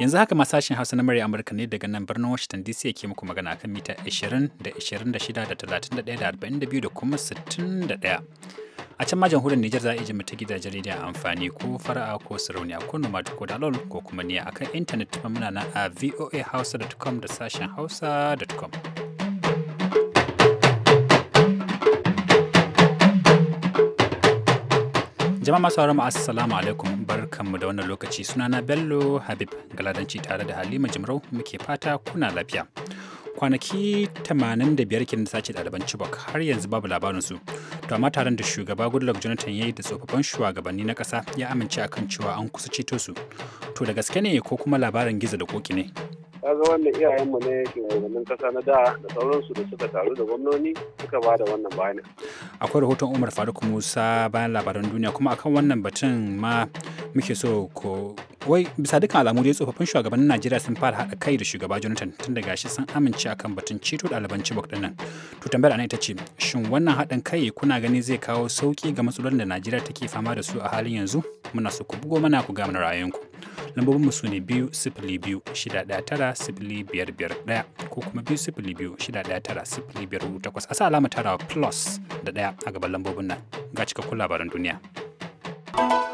Yanzu haka ma sashen Hausa na murya Amurka ne daga nan birnin Washington DC ke muku magana akan mita 20 da 26 da 31 da 42 da kuma 61. A can majan hudun Nijar za a iji ta gidajen jaridiyar amfani ko fara'a ko sarauniya ko nomad ko dalol ko kuma niya akan intanet muna na a voahausa.com da sashen hausa.com. Jama'a masu mu assalamu alaikum barkanmu da wannan lokaci sunana Bello Habib Galadanci tare da Halima Jimrau muke fata kuna lafiya. kwanaki tamanin 85 kenan da sace ɗaliban Chibok har yanzu babu labarin su. To amma taron da shugaba Goodluck Jonathan ya yi da tsofaffin shugabanni na ƙasa ya amince akan cewa an kusa ceto su. To da gaske ne ko kuma labarin gizo da koki ne? kaga wannan iyayenmu ne shugabannin kasa na da da sauransu da suka taru da gwamnoni suka ba da wannan bayanin akwai rahoton umar faruk musa bayan labaran duniya kuma akan wannan batun ma muke so ko wai bisa dukkan alamu dai tsofaffin shugabannin najeriya sun fara haɗa kai da shugaba jonathan tun daga shi sun amince akan batun ceto ɗaliban chibok ɗin nan to tambayar ana ita ce shin wannan haɗin kai kuna gani zai kawo sauki ga matsalolin da najeriya take fama da su a halin yanzu muna so ku bugo mana ku ga mana ra'ayinku lambobin mu sune biyu sifili biyu shida ɗaya tara sifili biyar biyar ɗaya ko kuma biyu sifili biyu shida ɗaya tara sifili biyar hudu takwas a sa alama tara plus da ɗaya a gaban lambobin nan ga cikakkun labaran duniya. thank you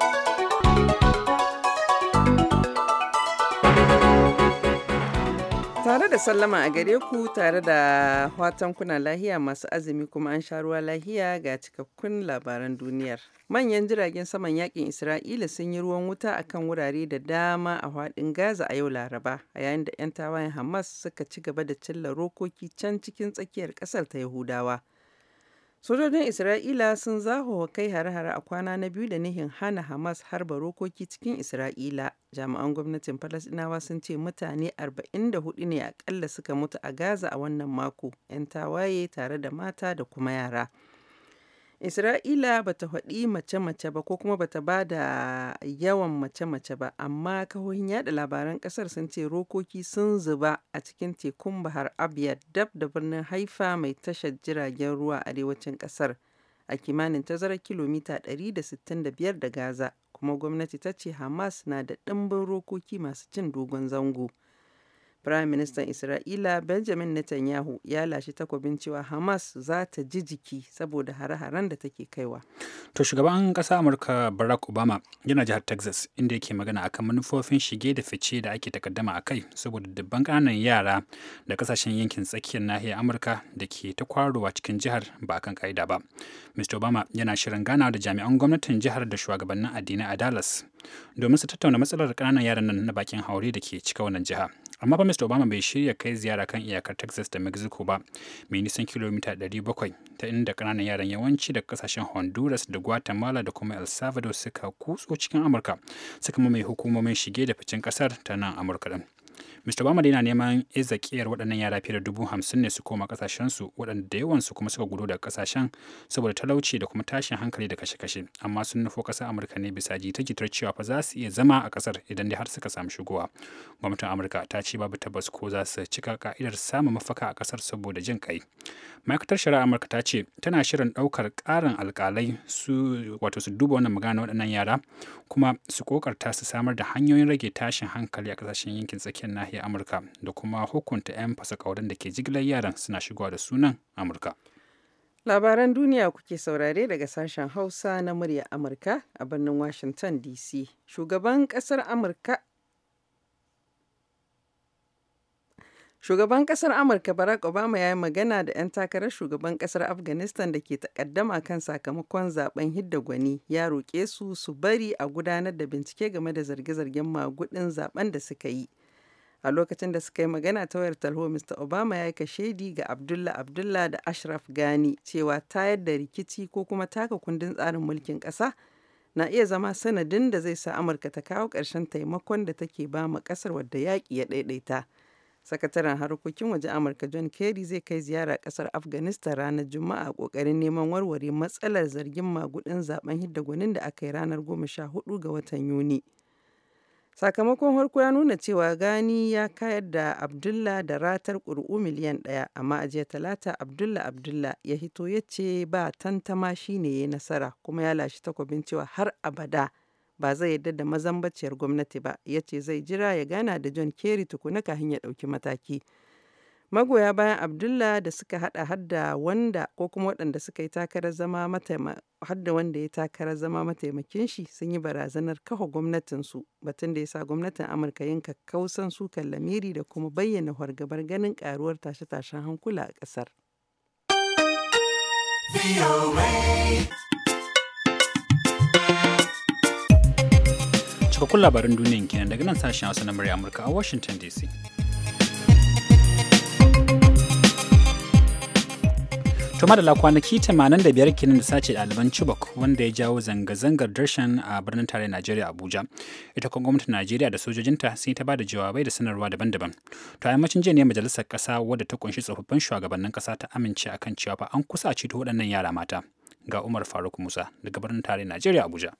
tare da sallama a gare ku tare da watan kuna lahiya masu azumi kuma an sha ruwa lahiya ga cikakkun labaran duniyar. Manyan jiragen saman yakin Isra'ila sun yi ruwan wuta akan wurare da dama a haɗin Gaza a yau Laraba, a yayin da 'yan tawayen Hamas suka ci gaba da cilla rokoki can cikin tsakiyar ƙasar ta Yahudawa. Sojojin Isra'ila sun wa kai hare-hare a kwana na biyu da nihin hana Hamas harba rokoki cikin Isra'ila. Jami'an gwamnatin Falasɗinawa sun ce mutane 44 ne akalla suka mutu a Gaza a wannan mako, 'yan tawaye tare da mata da kuma yara. Isra'ila ba ta faɗi mace-mace ba ko kuma ba ta ba da yawan mace-mace ba, amma kahohin yada labaran ƙasar sun ce rokoki sun zuba a cikin tekun Bahar Abyad dab da birnin Haifa mai tashar jiragen ruwa arewacin ƙasar a kimanin tazarar kilomita 165 da Gaza, kuma gwamnati ta ce Hamas na da ɗimbin rokoki masu cin dogon zango. Firaministan Isra'ila Benjamin Netanyahu ya lashe takobin cewa Hamas za ta ji jiki saboda hare-haren da take kaiwa. To shugaban ƙasa Amurka Barack Obama yana jihar Texas inda yake magana akan manufofin shige da fice da ake takaddama a kai saboda dubban ƙananan yara da ƙasashen yankin tsakiyar nahiyar Amurka da ke ta kwarowa cikin jihar ba kan ƙa'ida ba. Mr. Obama yana shirin gana da jami'an gwamnatin jihar da shugabannin addinai a Dallas domin su tattauna matsalar ƙananan yaran nan na bakin haure da ke cika wannan jiha amma ba mr obama bai shirya kai ziyara kan iyakar texas da mexico ba mai nisan kilomita 700 ta inda kananan yaran yawanci da kasashen honduras da guatemala da kuma el salvador suka kutso cikin amurka suka mai hukumomin shige da ficin kasar ta nan amurka din Mr. Obama dai yana neman izakiyar waɗannan yara fiye da dubu hamsin ne su koma ƙasashensu waɗanda da yawansu kuma suka gudu daga ƙasashen saboda talauci da kuma tashin hankali da kashe-kashe amma sun nufo ƙasar Amurka ne bisa jita-jitar cewa fa za su iya zama a ƙasar idan dai har suka samu shigowa. Gwamnatin Amurka ta ce babu tabbas ko za su cika ka'idar samun mafaka a ƙasar saboda jin kai. Ma'aikatar Shari'a Amurka ta ce tana shirin ɗaukar ƙarin alƙalai su wato su duba wannan magana waɗannan yara kuma su kokarta su samar da hanyoyin rage tashin hankali a ƙasashen yankin tsakiyar nahiyar ya amurka da kuma hukunta 'yan fasakaurin da ke jigilar yaran suna shigowa da sunan amurka labaran duniya kuke saurare daga sashen hausa na murya amurka a birnin washington dc shugaban kasar amurka Shugaban kasar Amurka Barack Obama ya yi magana da 'yan takarar shugaban kasar Afghanistan da ke takaddama kan sakamakon zaben hidda gwani ya roƙe su su bari a gudanar da bincike game da zarge-zargen magudin zaben da suka yi. A lokacin da suka yi magana ta wayar talho Mr. Obama ya yi kashedi ga Abdullah Abdullah da Ashraf gani cewa tayar da rikici ko kuma taka kundin tsarin mulkin ƙasa na iya zama sanadin da zai sa Amurka ta kawo ƙarshen taimakon da take ba ma ƙasar wadda yaƙi ya ɗaiɗaita. Sakataren harkokin waje Amurka John Kerry zai kai ziyara ƙasar Afghanistan ranar Juma'a ƙoƙarin neman warware matsalar zargin magudin zaben hidda gwanin da aka yi ranar goma sha hudu ga watan Yuni. Sakamakon harko ya nuna cewa gani ya kayar da Abdullah da ratar ƙuri'u miliyan ɗaya, amma a Talata Abdullah Abdullah ya hito ya ce ba tantama shi ne ya nasara kuma ya lashe takobin cewa har abada ba zai yarda da mazambaciyar gwamnati ba, ya ce zai jira ya gana da John Kerry tukuna kahin ya ɗauki mataki. Magoya bayan Abdullah da suka hada hadda wanda ko kuma waɗanda suka yi takarar zama hadda wanda ya takarar zama mataimakin shi sun yi barazanar kafa su batun da ya sa gwamnatin Amurka yin kakkausan sukan lamiri da kuma bayyana hargabar ganin karuwar tashe-tashen hankula a ƙasar. Cikakkun labarin duniyan kenan daga nan sashen Hausa na murya Amurka a Washington DC. To madala kwanaki 85 kenan da sace ɗaliban Chibok wanda ya jawo zanga-zangar darshan a birnin tarayyar Najeriya Abuja. Ita kuma gwamnatin Najeriya da sojojinta sun ta bada jawabai da sanarwa daban-daban. To a yammacin jiya ne majalisar ƙasa wadda ta kunshi tsofaffin shugabannin ƙasa ta amince akan cewa fa an kusa a ceto waɗannan yara mata. Ga Umar Faruk Musa daga birnin tarayyar Najeriya Abuja.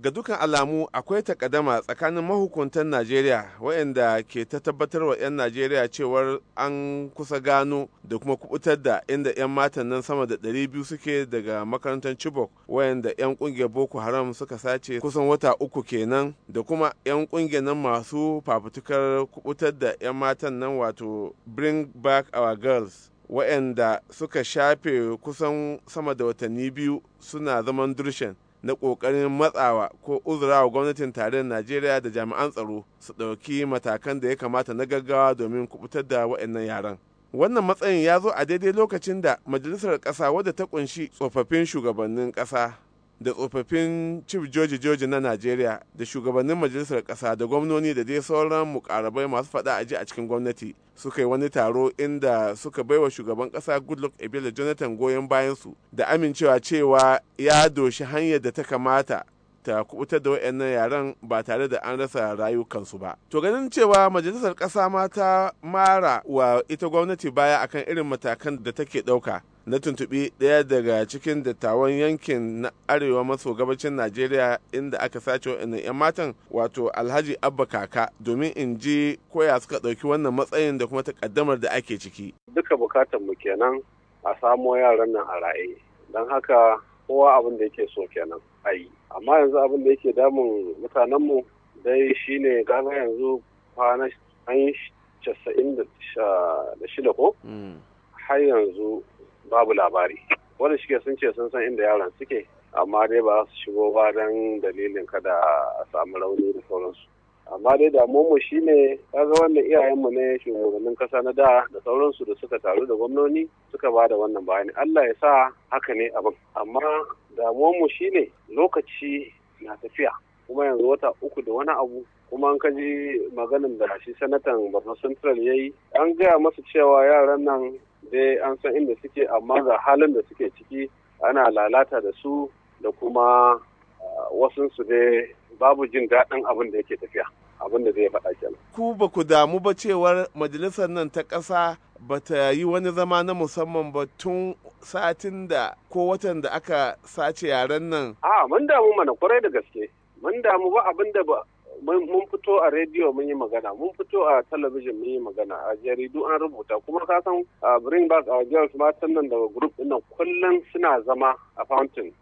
ga dukan alamu akwai takadama tsakanin mahukuntan najeriya waɗanda ke ta tabbatar wa 'yan najeriya cewar an kusa gano da kuma kubutar da inda 'yan matan nan sama da 200 suke daga makarantar chibok waɗanda 'yan ƙungiyar boko haram suka sace kusan wata uku kenan da kuma 'yan ƙungiyar nan masu fafutukar kubutar da 'yan matan nan wato bring back our girls waɗanda suka shafe kusan sama da watanni biyu suna zaman durshen na ƙoƙarin matsawa ko uzurawa gwamnatin tarayyar najeriya da jami'an tsaro su ɗauki matakan da ya kamata na gaggawa domin kubutar da waɗannan yaran wannan matsayin ya zo a daidai lokacin da majalisar ƙasa wadda ta ƙunshi tsofaffin shugabannin ƙasa da tsofaffin cif joji joji na najeriya da shugabannin majalisar kasa da gwamnoni da dai sauran mukarabai masu fada aji a cikin gwamnati suka yi wani taro inda suka baiwa shugaban kasa goodluck ebele jonathan goyon bayan su da amincewa cewa ya doshi hanyar da ta kamata ta kubutar da wayannan yaran ba tare da an rasa rayukansu ba. To ganin cewa majalisar kasa ma ta mara wa ita gwamnati baya akan irin matakan da take ɗauka na tuntuɓi ɗaya daga cikin dattawan yankin na arewa maso gabacin najeriya inda aka sace wa'annan 'yan matan wato alhaji abba kaka domin in ji koya suka ɗauki wannan matsayin da kuma takaddamar da ake ciki duka bukatar mu kenan a samo yaran nan a raye don haka kowa abin da yake so kenan a yi amma yanzu abin da yake damun mutanen mu dai shine gana yanzu kwana an yi da shida ko mm. har yanzu babu labari wanda shi sun ce sun san inda yaran suke amma dai ba su shigo ba don dalilin kada a samu rauni da sauransu amma dai damuwanmu shi ne kaga wannan iyayenmu ne shugabannin kasa na da da sauransu da suka taru da gwamnoni suka ba da wannan bayani allah ya sa haka ne abin amma damuwanmu shi ne lokaci na tafiya kuma yanzu wata uku da wani abu kuma an kaji maganin da shi sanatan borno central ya yi an gaya masu cewa yaran nan dai an san inda suke amma ga halin da suke ciki ana lalata da su da kuma ah, wasunsu dai babu jin daɗin abin da yake tafiya abin da zai faɗa kenan. Ku ba ku damu ba cewar majalisar nan ta ƙasa ba ta yi wani zama na musamman ba tun satin da ko watan da aka sace yaren nan. A mun damu mana kwarai da gaske. Mun damu ba abin da ba mun fito a rediyo mun yi magana mun fito a talabijin mun yi magana a jaridu an rubuta kuma ka san bring back our girls matan nan daga group din nan kullum suna zama a fountain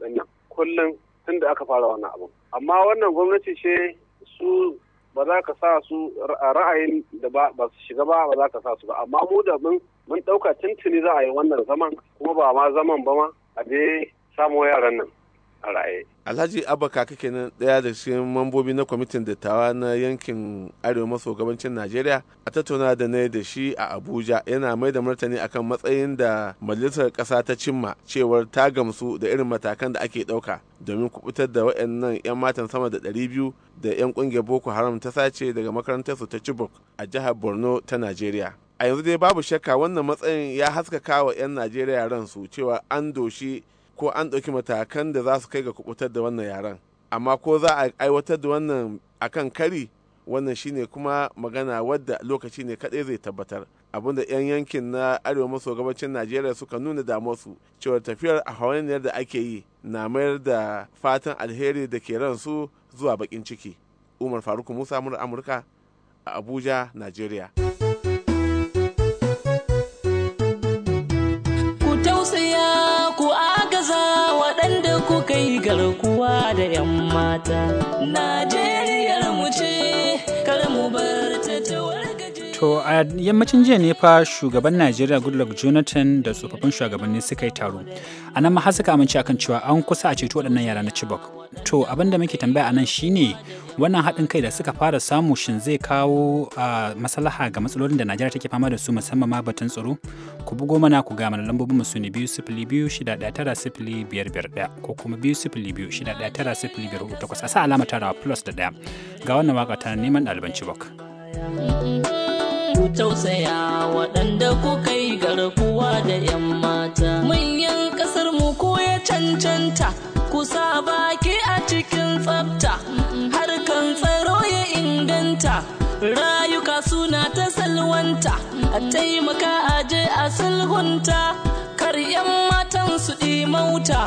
din nan kullum tun aka fara wannan abu amma wannan gwamnati ce su ba za ka sa su ra'ayin da ba su shiga ba ba za ka sa su ba amma mu da mun mun dauka tuntuni za a yi wannan zaman kuma ba ma zaman ba ma a je samu yaran nan a raye alhaji abaka kake nan daya da cikin mambobi na kwamitin dattawa na yankin arewa maso gabancin najeriya a tattauna da na da shi a abuja yana mai da martani akan matsayin da majalisar ƙasa ta cimma cewar ta gamsu da irin matakan da ake ɗauka domin kubutar da waɗannan 'yan matan sama da ɗari biyu da 'yan ƙungiyar boko haram ta sace daga makarantar su ta chibok a jihar borno ta najeriya a yanzu dai babu shakka wannan matsayin ya haskaka wa 'yan najeriya ransu cewa an doshi ko an ɗauki matakan da za su kai ga kubutar da wannan yaren amma ko za a aiwatar da wannan akan kari wannan shine kuma magana wadda lokaci ne kaɗai zai tabbatar abinda 'yan yankin na arewa maso gabacin najeriya suka nuna damarsu cewa tafiyar a hawaniyar da ake yi na mayar da fatan alheri da ke ran su zuwa bakin ciki umar faruk musa mura amurka a abuja najeriya garkuwa da 'yan mata. Najeriyar mu ce, kar mu bar ta To a yammacin jiya ne fa shugaban Najeriya Goodluck Jonathan da tsofaffin shugabanni suka yi taro. A nan ma har suka amince akan cewa an kusa a ceto waɗannan yara na Chibok. to abin da muke tambaya a nan shine wannan haɗin kai da suka fara samu shin zai kawo a maslaha ga matsalolin da najeriya take fama da su musamman ma batun tsaro ku bugo mana ku ga mana lambobin mu su ne biyu sifili biyu shida ɗaya tara sifili biyar biyar ɗaya ko kuma biyu sifili biyu shida ɗaya tara sifili biyar hudu takwas a sa alama tarawa plus da ɗaya ga wannan waka ta neman ɗaliban chibok. Ku tausaya waɗanda ku kai garkuwa da 'yan mata. Manyan ƙasar mu ko ya cancanta kusa baki a cikin tsafta harkan tsaro ya inganta rayuka suna ta salwanta a taimaka aje a sulhunta kar 'yan matan su mauta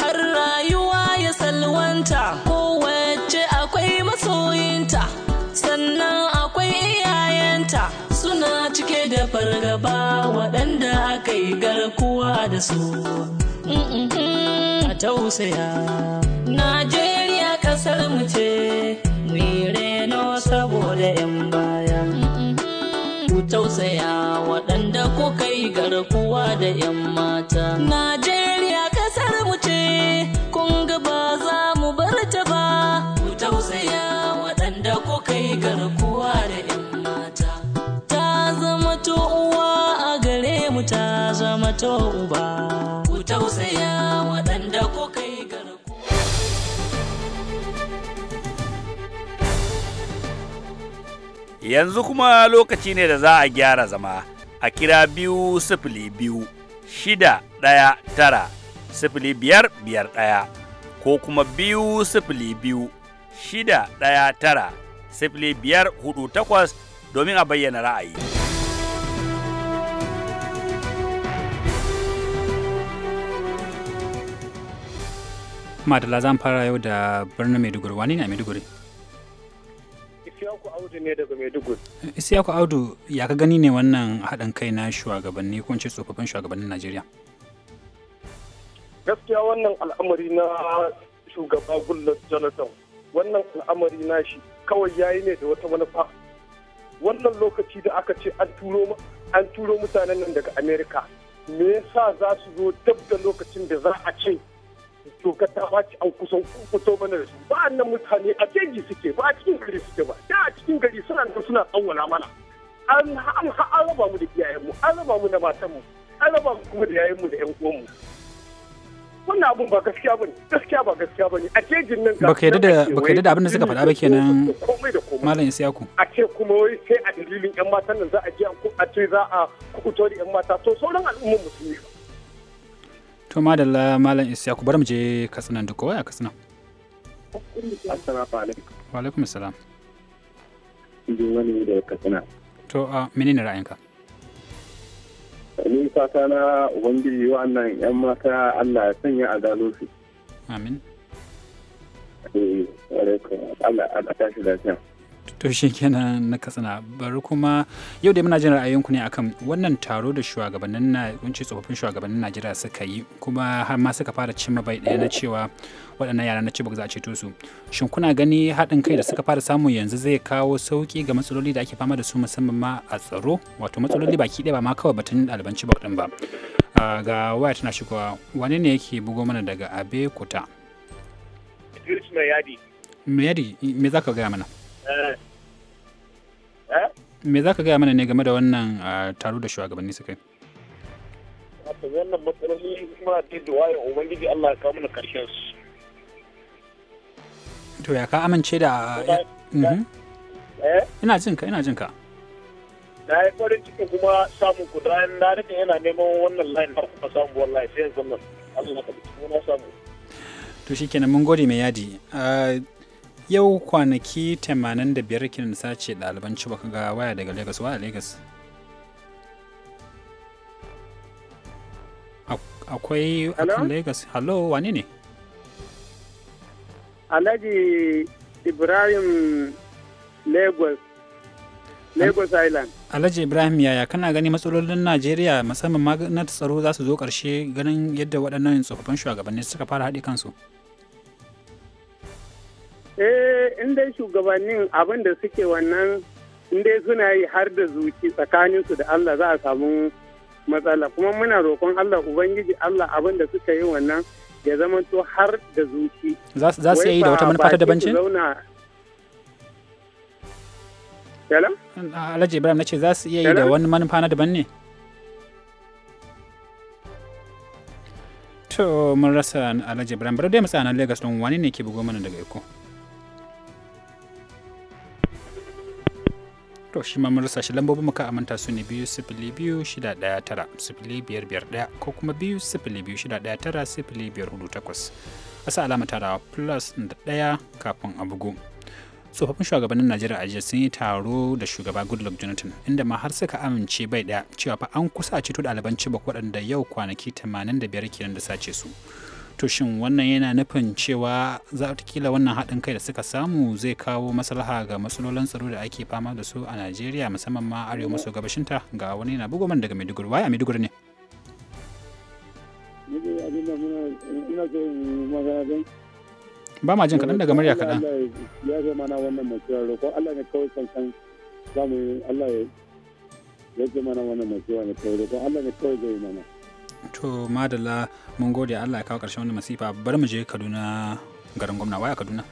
har rayuwa ya salwanta kowace akwai masoyinta sannan akwai iyayenta suna cike da fargaba waɗanda aka yi garkuwa da su a tausaya najeriya kasar mu ce mu yi reno saboda 'yan baya ku tausaya waɗanda kuka yi garkuwa da 'yan mata najeriya kasar mu ce kun ga ba za mu bar ta ba ku tausaya waɗanda kuka yi garkuwa da 'yan mata ta zama to uwa a gare mu ta zama to uba yanzu kuma lokaci ne da za a gyara zama a kira biyu sifili biyu shida ɗaya tara sifili biyar biyar ɗaya ko kuma biyu sifili biyu shida ɗaya tara sifili biyar hudu takwas domin a bayyana ra'ayi. Madala zan fara yau da birnin Maiduguri wani ne a Maiduguri? Isiyaku Audu Maiduguri. Audu ya ka gani ne wannan haɗin kai na shugabanni ko ce tsofaffin shugabannin Najeriya? Gaskiya wannan al'amari na shugaba Goodluck Jonathan wannan al'amari na shi kawai yayi ne da wata manufa. Wannan lokaci da aka ce an turo mutanen nan daga Amerika me yasa za su zo dab da lokacin da za a ce doka ta ɓaci an kusan kuto mana da su ba nan mutane a jeji suke ba a cikin gari suke ba da a cikin gari suna nan suna tsawwala mana an an raba mu da iyayen mu an raba mu da matan mu an raba mu kuma da yayin mu da yan uwan mu wannan abun ba gaskiya bane gaskiya ba gaskiya bane a jejin nan ga baka yadda da baka yadda da abin da suka faɗa ba kenan malam Isiyaku a ce kuma wai sai a dalilin yan matan nan za a je a ce za a kukuto da yan mata to sauran al'ummar musulmi to madalla malam isya ku bar mu je katsinan duk waya Katsina. assalamu alaikum wa alaikum assalam wani da katsina to a menene ra'ayinka ni fata na ubangiji wa'annan yan mata Allah ya sanya a gano su amin eh alaikum Allah a tashi da to shi kenan na katsina bari kuma yau da muna jin ku ne akan wannan taro da shugabannin na kunci tsofaffin shugabannin najeriya suka yi kuma har ma suka fara cimma bai daya na cewa waɗannan yara na cibok za a ceto su shin kuna gani haɗin kai da suka fara samu yanzu zai kawo sauki ga matsaloli da ake fama da su musamman ma a tsaro wato matsaloli baki ɗaya ba ma kawai batun ɗaliban ci ɗin ba ga waya tana shigowa wani ne yake bugo mana daga abe kuta me za ka gaya mana? Eh? Eh? Me za ka gaya mana ne game da wannan ah, taro da shugabanni suka yi? Wato wannan matsaloli muna ta duwa ya Ubangiji Allah ya kawo mana karshen su. To ya ka amince da mhm. eh? Ina jin ka, ina jin ka. Na yi farin ciki kuma samun ku da na nake yana neman wannan layin na kuma samu wallahi sai yanzu nan. Allah na ka bi na samu. To shi kenan mun gode mai yadi. Ah, yau kwanaki 85 kinan sace ɗaliban baka ga waya daga lagos wa a lagos akwai akan lagos hello wane ne alhaji ibrahim lagos lagos island alhaji ibrahim yaya kana gani matsalolin najeriya musamman ma na tsaro za su zo ƙarshe ganin yadda waɗannan tsofaffin shugabanni suka fara haɗe kansu eh in dai shugabannin abin da suke wannan in dai suna yi har da zuci tsakaninsu da Allah za a samu matsala kuma muna roƙon Allah ubangiji Allah abin da suka yi wannan ya zama to har da zuci za su yi da wata manufa ta Yalam? Ah, Alhaji Ibrahim na ce za su iya yi da wani manufa na daban ne? To mun rasa Alhaji Ibrahim, bari dai mu tsaya Lagos don wani ne ke bugo mana daga iko. to shi ma mun rasa shi lambobin muka amanta su ne biyu sifili biyu shida daya tara sifili biyar biyar daya ko kuma biyu sifili biyu shida daya tara sifili biyar hudu takwas a sa alama tara plus da daya kafin a bugu tsofaffin shugabannin najeriya a jiya sun yi taro da shugaba goodluck jonathan inda ma har suka amince bai daya cewa fa an kusa a ceto ɗaliban cibok waɗanda yau kwanaki 85 kenan da sace su to shin wannan yana nufin cewa za kila wannan haɗin kai da suka samu zai kawo maslaha ga matsalolin tsaro da ake fama da su a najeriya musamman ma arewa maso gabashinta ga wani yana bugoman daga maiduguri waya maiduguri ne ba ma jin kaɗan daga murya kaɗan ya zama mana wannan matsalar ko allah ne kawai kankan zamu allah ya zama mana wannan matsalar ko allah ne kawai zai mana to madala mun gode allah ya kawo ƙarshen wani masifa bari mu je kaduna garin gwamna waya kaduna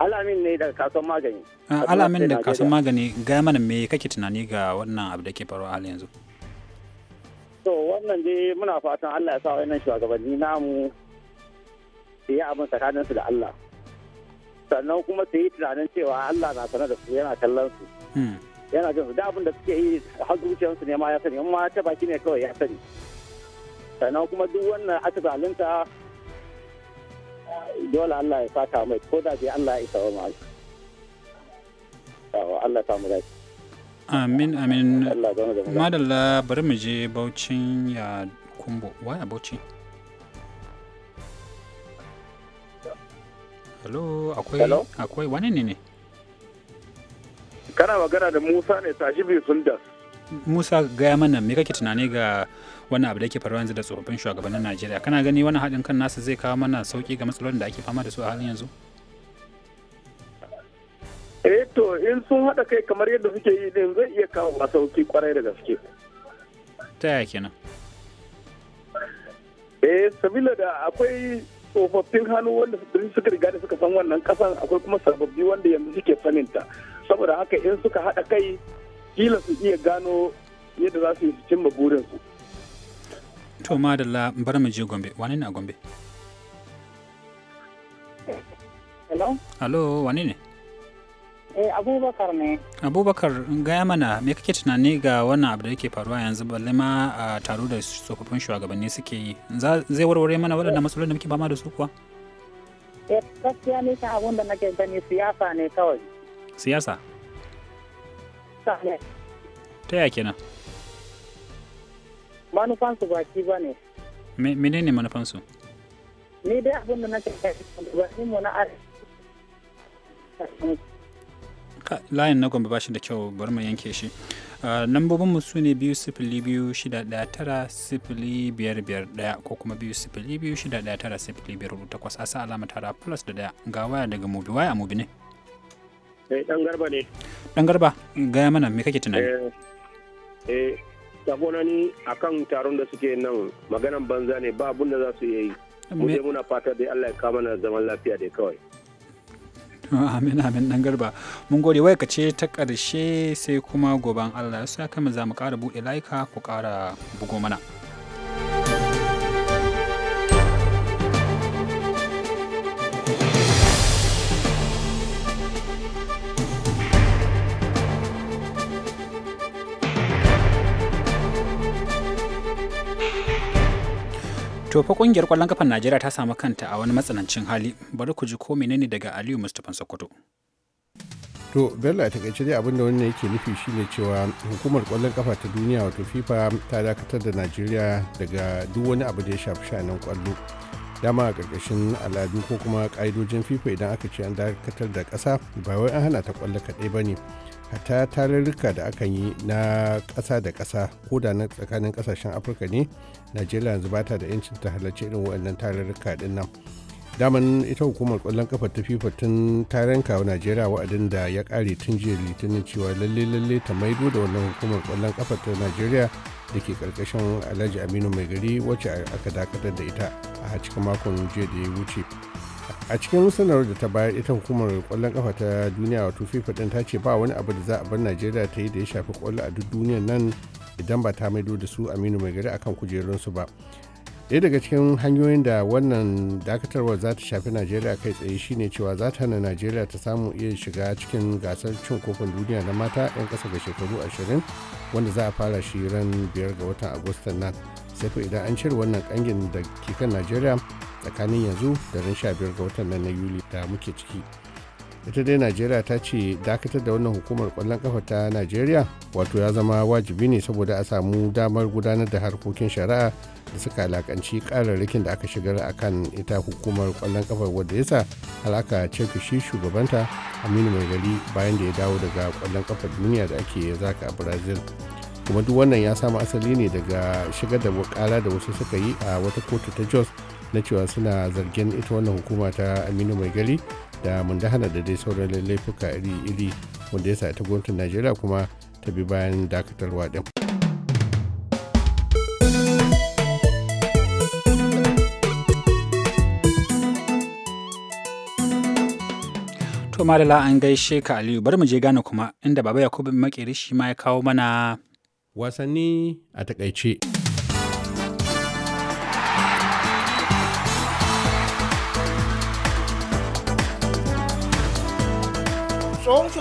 alamin ne daga kasuwan magani ah, alamin daga kasuwan magani gaya mana me kake tunani ga wannan abu da ke faruwa hali yanzu to wannan dai muna fatan allah ya sa wayannan shugabanni namu su yi abin su da allah sannan kuma su yi tunanin cewa allah na sanar da su yana kallon su hmm. yana jin da abin da suke yi har zuciyarsu ne ma ya sani amma ta baki ne kawai ya sani sannan kuma duk wannan aka zalunta dole Allah ya saka mai ko da bai Allah ya isa wa mai Allah ya samu dace amin amin madalla bari mu je baucin ya kumbo wai a bauchi hello akwai akwai wani ne ne kana magana da musa ne tashi bi sundas musa gaya mana me kake tunani ga wannan abu da ke faruwa yanzu da tsofaffin shugabannin najeriya kana gani wani haɗin kan nasu zai kawo mana sauki ga matsalolin da ake fama da su a halin yanzu eh to in sun haɗa kai kamar yadda suke yi din zai iya kawo ma sauki kwarai da gaske ta yaya kenan eh sabila da akwai tsofaffin hannu wanda suka riga da suka san wannan kasan akwai kuma sababbi wanda yanzu suke saninta saboda haka in suka haɗa kai kila su iya gano yadda za su yi su cimma burinsu. To madalla bar mu je Gombe, wani ne a Gombe? Hello? Hello, ne? Eh, Abubakar ne. Abubakar, gaya mana me kake tunani ga wannan abu da yake faruwa yanzu balle ma a taro da tsofaffin shugabanni suke yi. Zai warware mana waɗannan matsalolin da muke ba ma da su kuwa? Eh, gaskiya ne ta abun da nake gani siyasa ne kawai. Siyasa? Ta yake nan? Manufansu ba ki ba ne. Mene ne manufansu? Ni dai abin da na kai ba ni mu na Layin na gombe bashi da kyau bari mu yanke shi. lambobin ah, mu su ne biyu sifili biyu shida daya tara sifili biyar biyar daya ko kuma biyu sifili biyu shida daya tara sifili biyar takwas a sa alama tara plus da daya ga waya daga mobi waya a mobi ne. eh dan garba ne dan garba gaya mana me kake tunani eh, eh sabona ni akan taron da suke nan maganan banza ne ba abun da za su yi mu dai muna fata dai Allah ya kama na zaman lafiya dai kawai ah, amin amin dan garba mun gode wai ka ce ta ƙarshe sai kuma goban Allah ya sa kama za mu ƙara buɗe laika ku ƙara bugo mana To fa kungiyar kwallon kafan Najeriya ta samu kanta a wani matsanancin hali. Bari ku ji ko menene daga Aliyu Mustapha Sokoto. To Bello a takaice dai abinda da wannan yake nufi shine cewa hukumar kwallon kafa ta duniya wato FIFA ta dakatar da Najeriya daga duk wani abu da ya shafi shanan kwallo. Dama a ƙarƙashin al'adu ko kuma ƙa'idojin FIFA idan aka ce an dakatar da ƙasa ba wai an hana ta kwallo kaɗai ba ne. ta tarurruka da aka yi na ƙasa da ƙasa ko da na tsakanin ƙasashen afirka ne najeriya yanzu ba ta da yancin ta halarci irin waɗannan tarurruka din nan daman ita hukumar ƙwallon kafa ta fifa tun ta ranka najeriya wa'adin da ya ƙare tun jiya litinin cewa lalle lalle ta maido da wannan hukumar ƙwallon kafa ta najeriya da ke ƙarƙashin alhaji aminu mai gari wacce aka dakatar da ita a cikin makon jiya da ya wuce a cikin sanarwar da ta bayar ita hukumar kwallon kafa ta duniya wato fifa din ta ce ba wani abu da za a bar najeriya ta yi da ya shafi kwallo a duk duniyar nan idan ba ta maido da su aminu mai gari akan kujerunsu ba ɗaya daga cikin hanyoyin da wannan dakatarwar za ta shafi najeriya kai tsaye shine cewa za ta hana najeriya ta samu iya shiga cikin gasar cin kofin duniya na mata 'yan kasa ga shekaru ashirin wanda za a fara shi ran biyar ga watan agustan nan sai fa idan an cire wannan kangin da ke kan najeriya tsakanin yanzu da ran 15 ga watan nan na yuli da muke ciki ita dai najeriya ta ce dakatar da wannan hukumar kwallon kafa ta najeriya wato ya zama wajibi ne saboda a samu damar gudanar da harkokin shari'a da suka alakanci kararrakin da aka shigar a kan ita hukumar kwallon kafa wadda yasa har aka shi shugabanta aminu mai gari bayan da ya dawo daga kwallon kafa duniya da ake zaka a brazil kuma duk wannan ya samu asali ne daga shigar da kara da wasu suka yi a wata kotu ta jos na cewa suna zargin ita wannan hukuma ta aminu mai gari da mundahana da dai sauran laifuka iri-iri wanda ya sa ta gwamnatin najeriya kuma ta bi bayan dakatarwa din. To Malala an gaishe ka Aliyu bari mu je gane kuma inda Baba Yakubu Makeri shi ma ya kawo mana wasanni a takaice.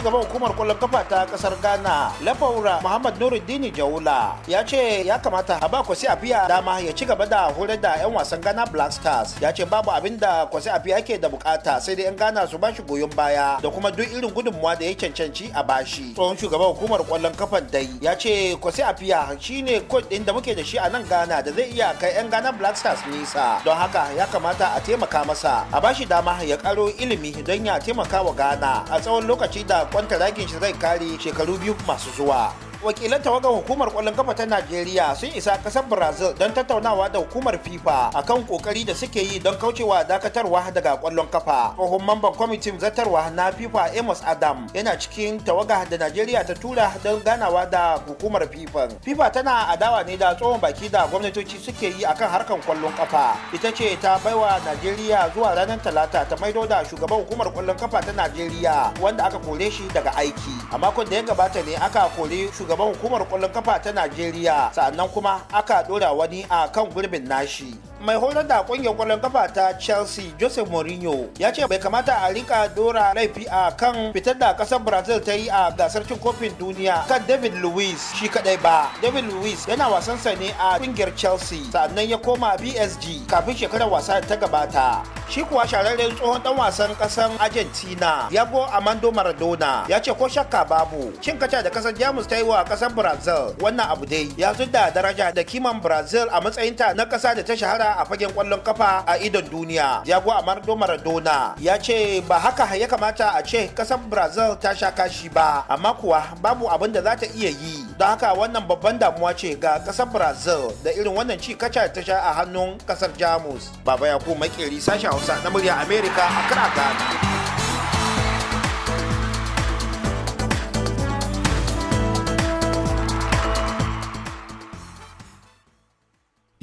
shugaban hukumar kwallon kafa ta kasar ghana lafaura muhammad nuruddini jaula ya ce ya kamata a ba kwasi afiya dama ya ci gaba da horar da 'yan wasan ghana black stars ya ce babu abin da kwasi afiya ke da bukata sai dai 'yan ghana su ba shi goyon baya da kuma duk irin gudunmuwa da ya cancanci a bashi tsohon shugaban hukumar kwallon kafan dai ya ce kwasi afiya shine coach din da muke da shi a nan ghana da zai iya kai 'yan ghana black stars nisa don haka ya kamata a taimaka masa a bashi dama ya karo ilimi don ya taimaka wa ghana a tsawon lokaci da kwantaragin shi zai kare shekaru biyu masu zuwa wakilan tawagar hukumar kwallon kafa ta najeriya sun isa kasar brazil don tattaunawa da hukumar fifa akan kokari da suke yi don kaucewa dakatarwa daga kwallon kafa tsohon mamban kwamitin zartarwa na fifa amos adam yana cikin tawaga da najeriya ta tura don ganawa da hukumar fifa fifa tana adawa ne da tsohon baki da gwamnatoci suke yi akan harkan kwallon kafa ita ce ta baiwa najeriya zuwa ranar talata ta maido da shugaban hukumar kwallon kafa ta najeriya wanda aka kore shi daga aiki a makon da ya gabata ne aka kore shugaban shugaban hukumar kwallon kafa ta najeriya sannan kuma aka dora wani a kan gurbin nashi mai horar da kungiyar kwallon kafa ta chelsea jose mourinho ya ce bai kamata a rika dora laifi a kan fitar da kasar brazil ta yi a gasar cin kofin duniya kan david luiz shi kadai ba david luiz yana wasansa ne a kungiyar chelsea sannan ya koma psg kafin shekarar wasa ta gabata shi kuwa shararren tsohon dan wasan kasar argentina yabo amando maradona ya ce ko shakka babu cin kaca da kasar jamus ta yi wa kasar Brazil. Wannan abu dai ya da daraja da kiman Brazil a matsayinta na kasa da ta shahara a fagen kwallon kafa a idon duniya. Diago Amardo Maradona ya ce ba haka ya kamata a ce kasar Brazil ta sha kashi ba, amma kuwa babu abin da za ta iya yi. Don haka wannan babban damuwa ce ga kasar Brazil da irin wannan ci kaca ta sha a hannun kasar Jamus. Baba ya ko makeri sashen Hausa na murya Amerika a kira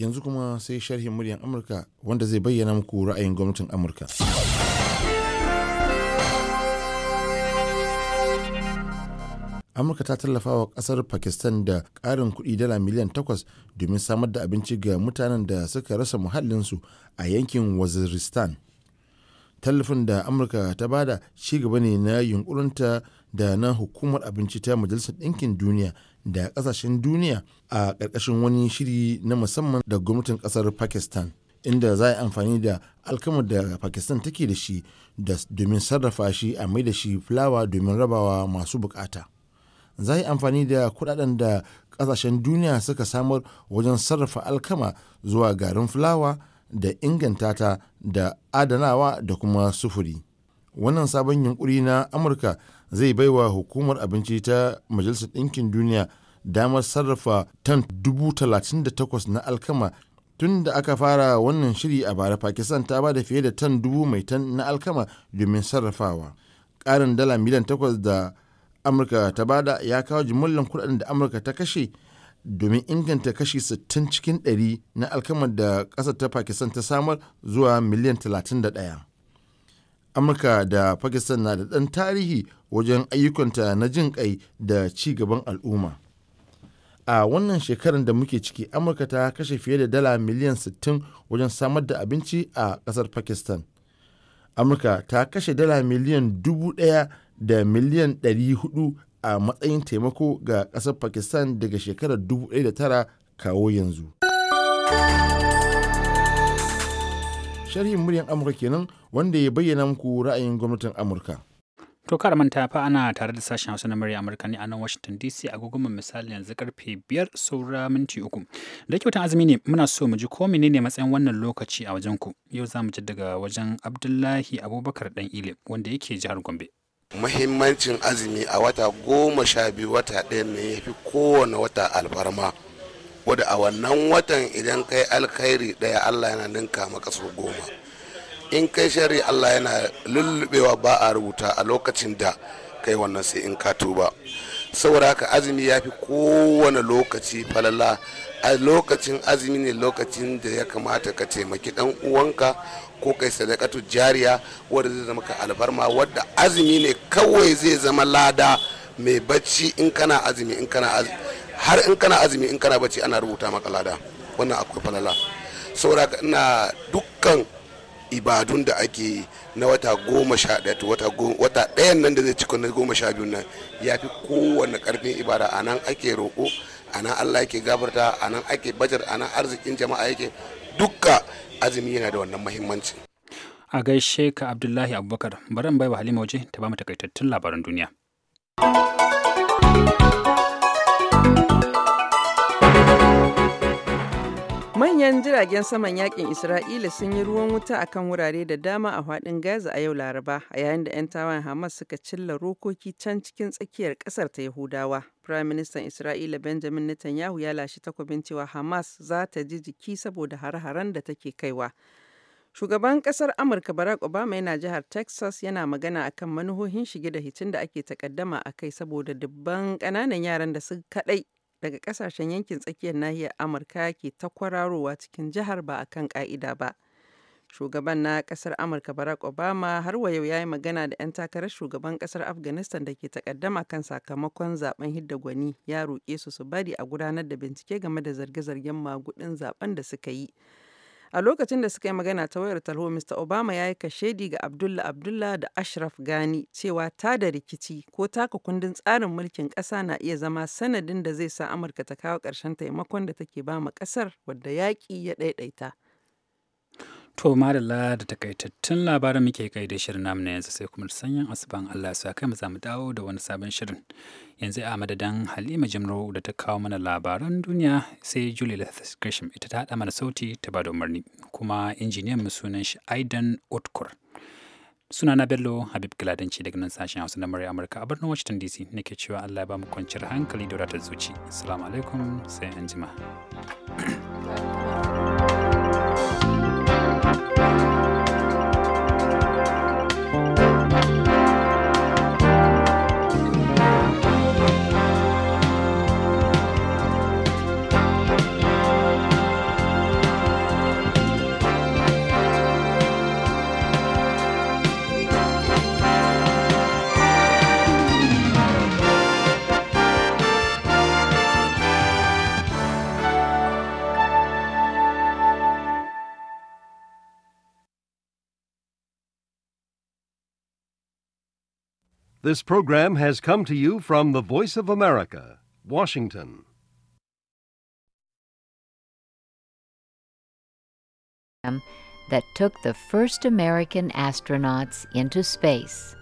yanzu kuma sai sharhin muryar amurka wanda zai bayyana muku ra'ayin gwamnatin amurka amurka ta tallafa wa kasar pakistan da karin kudi dala miliyan 8 domin samar da abinci ga mutanen da suka rasa muhallinsu a yankin waziristan tallafin da amurka ta bada ci gaba ne na yunkurinta da na hukumar abinci ta majalisar ɗinkin duniya da ƙasashen duniya a ƙarƙashin wani shiri na musamman da gwamnatin ƙasar pakistan inda za a yi amfani da alkamar da pakistan take da shi domin sarrafa shi a mai da shi fulawa domin rabawa masu bukata za a yi amfani da kudaden da ƙasashen duniya suka samar wajen sarrafa alkama zuwa garin fulawa da inganta ta da adanawa da kuma sufuri wannan sabon yunkuri na amurka zai bai wa hukumar abinci ta majalisar ɗinkin duniya damar sarrafa tan 38,000 na alkama tun da aka fara wannan shiri a bara pakistan ta bada fiye da tan dubu mai tan na alkama domin sarrafawa ƙarin dala miliyan 8 da amurka ta bada ya kawo jimillan kudaden da amurka ta kashe domin inganta kashi 60 cikin 100 na alkamar da ƙasar ta pakistan ta samar zuwa miliyan 31 amurka da pakistan na da ɗan tarihi wajen ayyukanta na jin kai da ci gaban al'umma. A wannan shekarar da muke ciki, Amurka ta kashe fiye da dala miliyan 60 wajen samar da abinci a ƙasar Pakistan. Amurka ta kashe dala miliyan dubu ɗaya da miliyan ɗari hudu a matsayin taimako ga ƙasar Pakistan daga shekarar dubu ɗaya da tara kawo yanzu. Sharhin muryan Amurka kenan wanda ya bayyana muku ra'ayin gwamnatin Amurka. To kar manta fa ana tare da sashen Hausa na murya Amurka ne a nan Washington DC a gugumin misali yanzu karfe biyar saura minti uku. Da kyautan azumi ne muna so mu ji ko menene matsayin wannan lokaci a wajen ku. Yau za mu ji daga wajen Abdullahi Abubakar Dan Ile wanda yake jihar Gombe. Muhimmancin azumi a wata goma sha biyu wata ɗaya ne ya fi kowane wata alfarma. Wadda a wannan watan idan kai alkhairi ɗaya Allah yana ninka maka sau goma. in kai shari Allah yana lullubewa ba a rubuta a lokacin da kai wannan sai in ka tuba saboda haka azumi ya fi kowane lokaci falala a lokacin azumi ne lokacin da ya kamata ka taimaki dan uwanka ko kai sadakatu jariya wadda zai zama ka alfarma wadda azumi ne kawai zai zama lada mai bacci in kana azumi in kana har in kana azumi in kana bacci ana rubuta maka lada wannan akwai falala saboda ina dukkan ibadun da ake yi na wata goma sha ɗaya wata ɗayan nan da zai cika na goma sha biyu nan ya fi kowane ƙarfin ibada a nan ake roƙo a nan allah yake gabarta a nan ake bajar a nan arzikin jama'a yake dukka azumi yana da wannan mahimmanci a gaishe ka abdullahi abubakar baran bai wa halima waje ta ba mu takaitattun labaran duniya Manyan jiragen saman yakin Isra'ila sun yi ruwan wuta a kan wurare da dama a faɗin Gaza a yau Laraba, a yayin da 'yan tawon Hamas suka cilla rokoki can cikin tsakiyar ƙasar ta Yahudawa. Prime Minister Isra'ila Benjamin Netanyahu ya lashe takobin cewa Hamas za ta ji jiki saboda hare-haren da take kaiwa. Shugaban kasar Amurka Barack Obama yana jihar Texas yana magana akan manuhohin shige da hicin da ake takaddama a kai saboda dubban kananan yaran da su kadai. daga kasashen yankin tsakiyar nahiyar Amurka ke ta kwararowa cikin jihar ba a kan ka'ida ba. Shugaban na kasar Amurka Barack Obama har wa yau ya yi magana da 'yan takarar shugaban kasar Afghanistan da ke takaddama kan sakamakon zaben hidda gwani ya roƙe su su bari a gudanar da bincike game da zarge-zargen magudin zaben da suka yi. A lokacin da suka yi magana ta wayar talho Mr. Obama ya yi kashedi ga Abdullah Abdullah da Ashraf Gani cewa ta da rikici ko taka kundin tsarin mulkin ƙasa na iya zama sanadin da zai sa Amurka ta kawo ƙarshen taimakon da take ba ma ƙasar wadda yaƙi ya ɗaiɗaita. To madalla da takaitattun labaran muke kai da shirin namu na yanzu sai kuma sanyin asuban Allah su kai mu za dawo da wani sabon shirin. Yanzu a madadin Halima Jimro da ta kawo mana labaran duniya sai Julie Lathis ita ta haɗa mana sauti ta ba da umarni kuma injiniyan mu sunan shi Aidan Otkur. na Bello Habib giladanci daga nan sashen Hausa na murya Amurka a birnin Washington DC nake cewa Allah ya ba mu kwanciyar hankali da wadatar zuci. Assalamu alaikum sai anjima. thank you This program has come to you from the Voice of America, Washington. That took the first American astronauts into space.